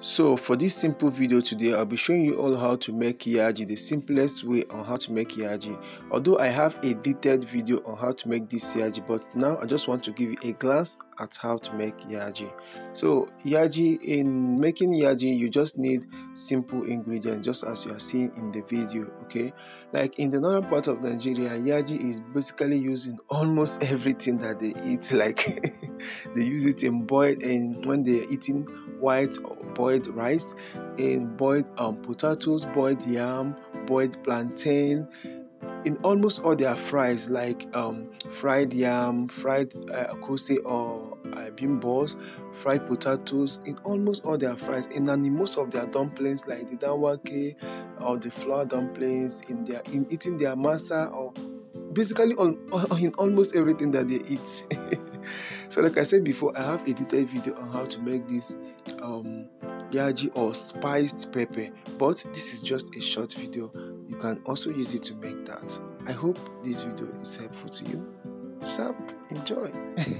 So for this simple video today, I'll be showing you all how to make Yaji, the simplest way on how to make Yaji. Although I have a detailed video on how to make this Yaji, but now I just want to give you a glance at how to make Yaji. So Yaji, in making Yaji, you just need simple ingredients, just as you are seeing in the video, okay? Like in the northern part of Nigeria, Yaji is basically used in almost everything that they eat. Like they use it in boiled and when they're eating white boiled rice, in boiled um, potatoes, boiled yam, boiled plantain. In almost all their fries, like um, fried yam, fried uh, kose or uh, bean balls, fried potatoes, in almost all their fries, and in most of their dumplings, like the danwake or the flour dumplings, in their in eating their masa or basically in almost everything that they eat. so like i said before i have a detailed video on how to make this um, yaji or spiced pepper but this is just a short video you can also use it to make that i hope this video is helpful to you so enjoy